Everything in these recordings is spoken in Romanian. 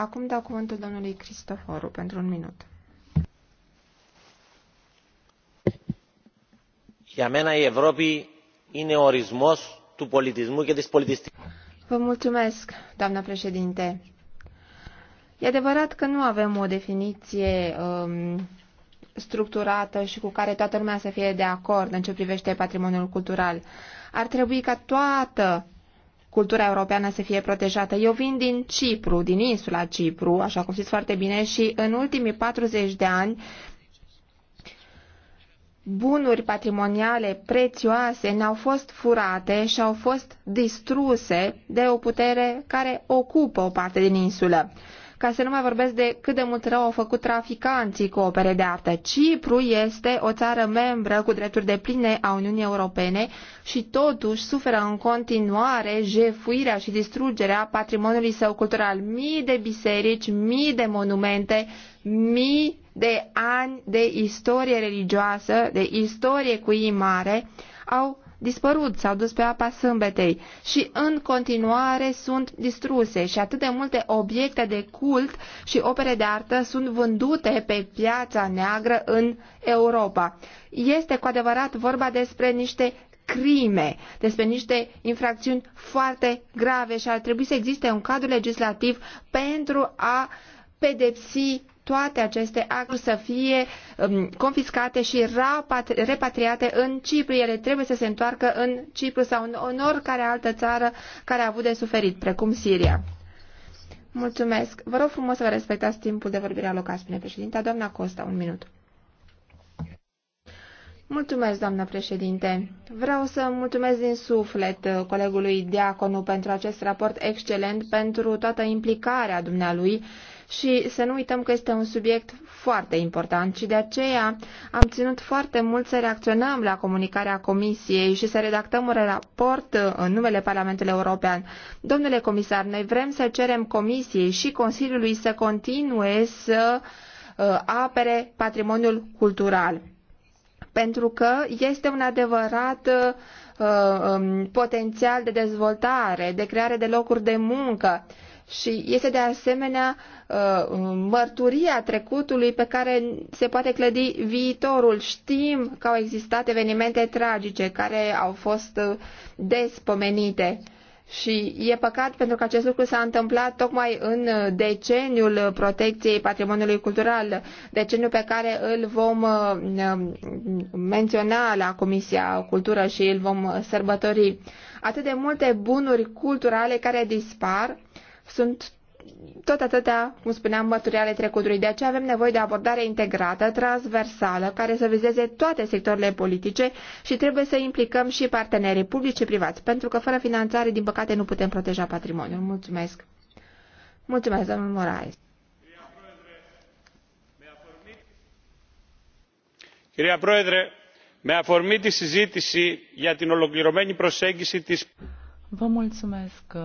Acum dau cuvântul domnului Cristoforu pentru un minut. Για μένα η Ευρώπη είναι ο ορισμός του πολιτισμού Vă mulțumesc, doamna președinte. E adevărat că nu avem o definiție um, structurată și cu care toată lumea să fie de acord în ce privește patrimoniul cultural. Ar trebui ca toată cultura europeană să fie protejată. Eu vin din Cipru, din insula Cipru, așa cum știți foarte bine, și în ultimii 40 de ani bunuri patrimoniale prețioase ne-au fost furate și au fost distruse de o putere care ocupă o parte din insulă ca să nu mai vorbesc de cât de mult rău au făcut traficanții cu opere de artă. Cipru este o țară membră cu drepturi de pline a Uniunii Europene și totuși suferă în continuare jefuirea și distrugerea patrimoniului său cultural. Mii de biserici, mii de monumente, mii de ani de istorie religioasă, de istorie cu ei mare, au dispărut, s-au dus pe apa sâmbetei și în continuare sunt distruse și atât de multe obiecte de cult și opere de artă sunt vândute pe piața neagră în Europa. Este cu adevărat vorba despre niște crime, despre niște infracțiuni foarte grave și ar trebui să existe un cadru legislativ pentru a pedepsi toate aceste acturi să fie um, confiscate și repatriate în Cipru. Ele trebuie să se întoarcă în Cipru sau în oricare altă țară care a avut de suferit, precum Siria. Mulțumesc. Vă rog frumos să vă respectați timpul de vorbire alocat, spune președinta. Doamna Costa, un minut. Mulțumesc, doamnă președinte. Vreau să mulțumesc din suflet uh, colegului Diaconu pentru acest raport excelent, pentru toată implicarea dumnealui și să nu uităm că este un subiect foarte important și de aceea am ținut foarte mult să reacționăm la comunicarea Comisiei și să redactăm un raport în numele Parlamentului European. Domnule comisar, noi vrem să cerem Comisiei și Consiliului să continue să uh, apere patrimoniul cultural pentru că este un adevărat uh, um, potențial de dezvoltare, de creare de locuri de muncă și este de asemenea uh, mărturia trecutului pe care se poate clădi viitorul. Știm că au existat evenimente tragice care au fost uh, despomenite. Și e păcat pentru că acest lucru s-a întâmplat tocmai în uh, deceniul protecției patrimoniului cultural, deceniul pe care îl vom menționa la Comisia Cultură și îl vom sărbători. Atât de multe bunuri culturale care dispar sunt tot atâtea, cum spuneam, materiale trecutului. De aceea avem nevoie de abordare integrată, transversală, care să vizeze toate sectoarele politice și trebuie să implicăm și partenerii publici și privați, pentru că fără finanțare, din păcate, nu putem proteja patrimoniul. Mulțumesc! Mulțumesc, domnul Moraes! Κυρία Πρόεδρε, με αφορμή τη συζήτηση για την ολοκληρωμένη προσέγγιση της... Vă mulțumesc, uh,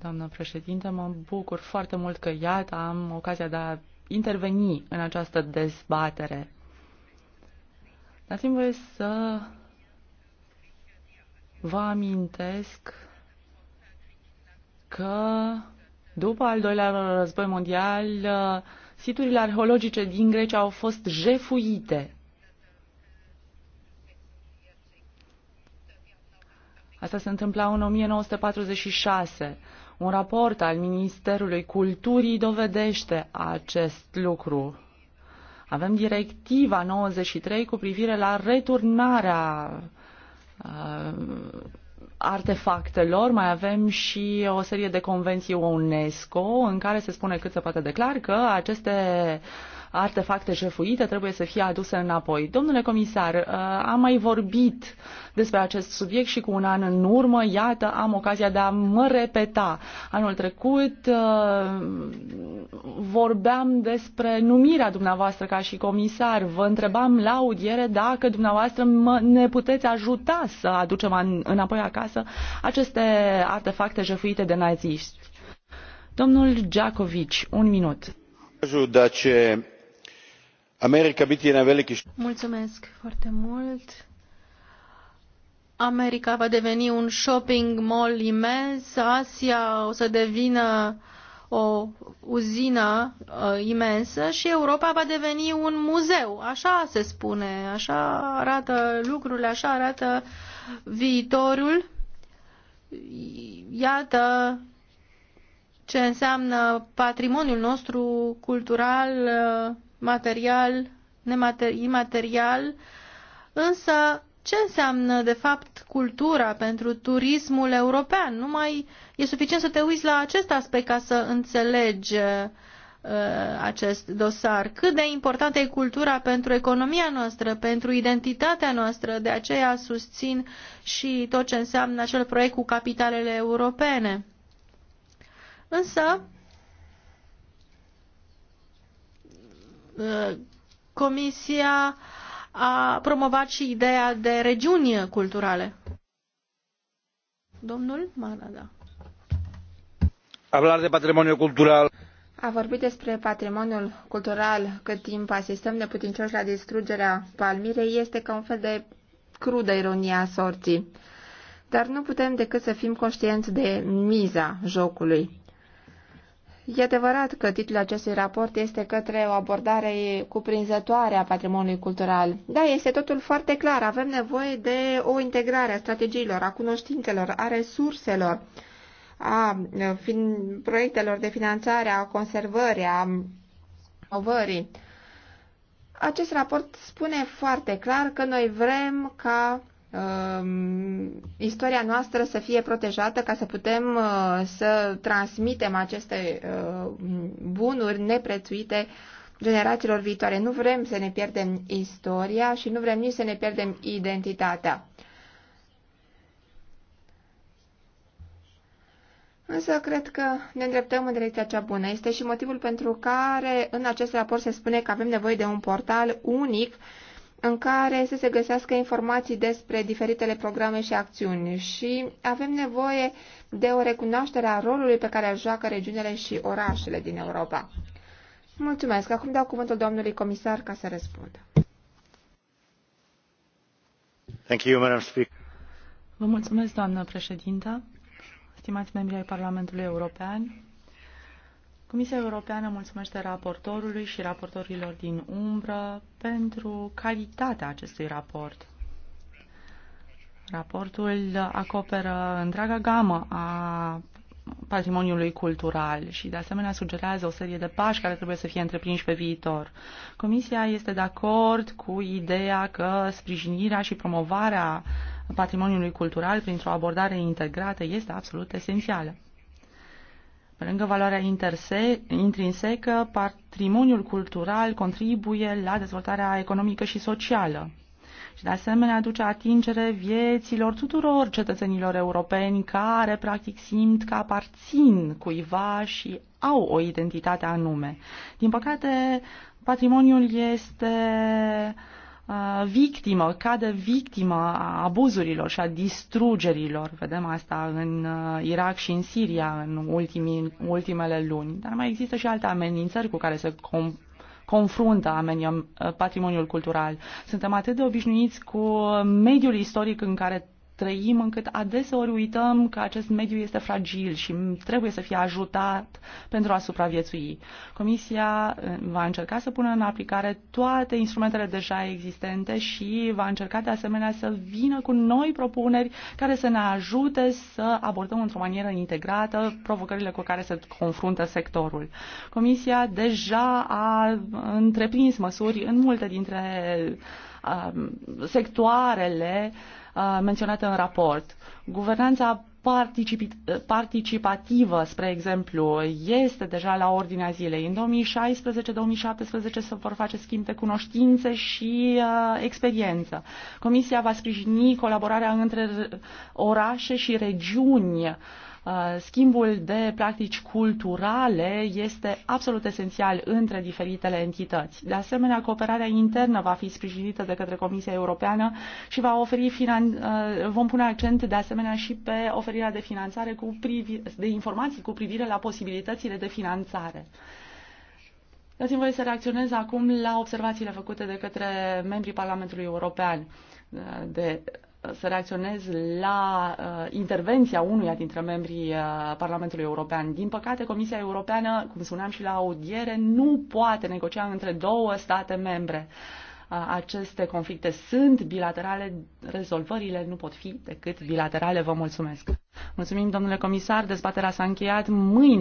doamnă președinte. Mă bucur foarte mult că, iată, am ocazia de a interveni în această dezbatere. Dați-mi voie să vă amintesc că după al doilea război mondial, uh, siturile arheologice din Grecia au fost jefuite Asta se întâmpla în 1946. Un raport al Ministerului Culturii dovedește acest lucru. Avem directiva 93 cu privire la returnarea uh, artefactelor, mai avem și o serie de convenții UNESCO în care se spune cât se poate declar că aceste uh, artefacte jefuite trebuie să fie aduse înapoi. Domnule comisar, uh, am mai vorbit despre acest subiect și cu un an în urmă, iată, am ocazia de a mă repeta. Anul trecut uh, vorbeam despre numirea dumneavoastră ca și comisar. Vă întrebam la audiere dacă dumneavoastră mă, ne puteți ajuta să aducem înapoi acasă aceste artefacte jefuite de naziști. Domnul Giacovici, un minut. Da, ce America veliki... Mulțumesc foarte mult. America va deveni un shopping mall imens, Asia o să devină o uzină uh, imensă și Europa va deveni un muzeu. Așa se spune, așa arată lucrurile, așa arată viitorul. Iată ce înseamnă patrimoniul nostru cultural uh, material, imaterial, însă ce înseamnă de fapt cultura pentru turismul european? Nu mai e suficient să te uiți la acest aspect ca să înțelegi uh, acest dosar. Cât de importantă e cultura pentru economia noastră, pentru identitatea noastră, de aceea susțin și tot ce înseamnă acel proiect cu capitalele europene. Însă, Comisia a promovat și ideea de regiuni culturale. Domnul Manada. Hablar de patrimoniu cultural. A vorbit despre patrimoniul cultural cât timp asistăm neputincioși la distrugerea Palmirei este ca un fel de crudă ironie a sorții. Dar nu putem decât să fim conștienți de miza jocului. E adevărat că titlul acestui raport este către o abordare cuprinzătoare a patrimoniului cultural. Da, este totul foarte clar. Avem nevoie de o integrare a strategiilor, a cunoștințelor, a resurselor, a fin- proiectelor de finanțare, a conservării, a ovării. Acest raport spune foarte clar că noi vrem ca Um, istoria noastră să fie protejată ca să putem uh, să transmitem aceste uh, bunuri neprețuite generațiilor viitoare. Nu vrem să ne pierdem istoria și nu vrem nici să ne pierdem identitatea. Însă cred că ne îndreptăm în direcția cea bună. Este și motivul pentru care în acest raport se spune că avem nevoie de un portal unic în care să se găsească informații despre diferitele programe și acțiuni și avem nevoie de o recunoaștere a rolului pe care îl joacă regiunile și orașele din Europa. Mulțumesc. Acum dau cuvântul domnului comisar ca să răspundă. Thank you, Madam Speaker. Vă mulțumesc, doamnă președintă, stimați membri ai Parlamentului European, Comisia Europeană mulțumește raportorului și raportorilor din umbră pentru calitatea acestui raport. Raportul acoperă întreaga gamă a patrimoniului cultural și, de asemenea, sugerează o serie de pași care trebuie să fie întreprinși pe viitor. Comisia este de acord cu ideea că sprijinirea și promovarea patrimoniului cultural printr-o abordare integrată este absolut esențială. Pe lângă valoarea interse, intrinsecă, patrimoniul cultural contribuie la dezvoltarea economică și socială și de asemenea aduce atingere vieților tuturor cetățenilor europeni care practic simt că aparțin cuiva și au o identitate anume. Din păcate, patrimoniul este uh, victimă, cadă victimă a abuzurilor și a distrugerilor. Vedem asta în uh, Irak și în Siria în ultimii, ultimele luni. Dar mai există și alte amenințări cu care se com- confruntă amenium, uh, patrimoniul cultural. Suntem atât de obișnuiți cu mediul istoric în care trăim, încât adeseori uităm că acest mediu este fragil și trebuie să fie ajutat pentru a supraviețui. Comisia uh, va încerca să pună în aplicare toate instrumentele deja existente și va încerca de asemenea să vină cu noi propuneri care să ne ajute să abordăm într-o manieră integrată provocările cu care se confruntă sectorul. Comisia deja a întreprins măsuri în multe dintre uh, sectoarele uh, Uh, menționate în raport. Guvernanța participativă, spre exemplu, este deja la ordinea zilei. În 2016-2017 se vor face schimb de cunoștințe și uh, experiență. Comisia va sprijini colaborarea între orașe și regiuni uh, Uh, schimbul de practici culturale este absolut esențial între diferitele entități. De asemenea, cooperarea internă va fi sprijinită de către Comisia Europeană și va oferi finan... Uh, vom pune accent de asemenea și pe oferirea de finanțare cu privi... de informații cu privire la posibilitățile de finanțare. Dați-mi voie să reacționez acum la observațiile făcute de către membrii Parlamentului European uh, de să reacționez la uh, intervenția unuia dintre membrii uh, Parlamentului European. Din păcate, Comisia Europeană, cum spuneam și la audiere, nu poate negocia între două state membre. Uh, aceste conflicte sunt bilaterale, rezolvările nu pot fi decât bilaterale. Vă mulțumesc. Mulțumim, domnule comisar. Dezbaterea s-a încheiat mâine.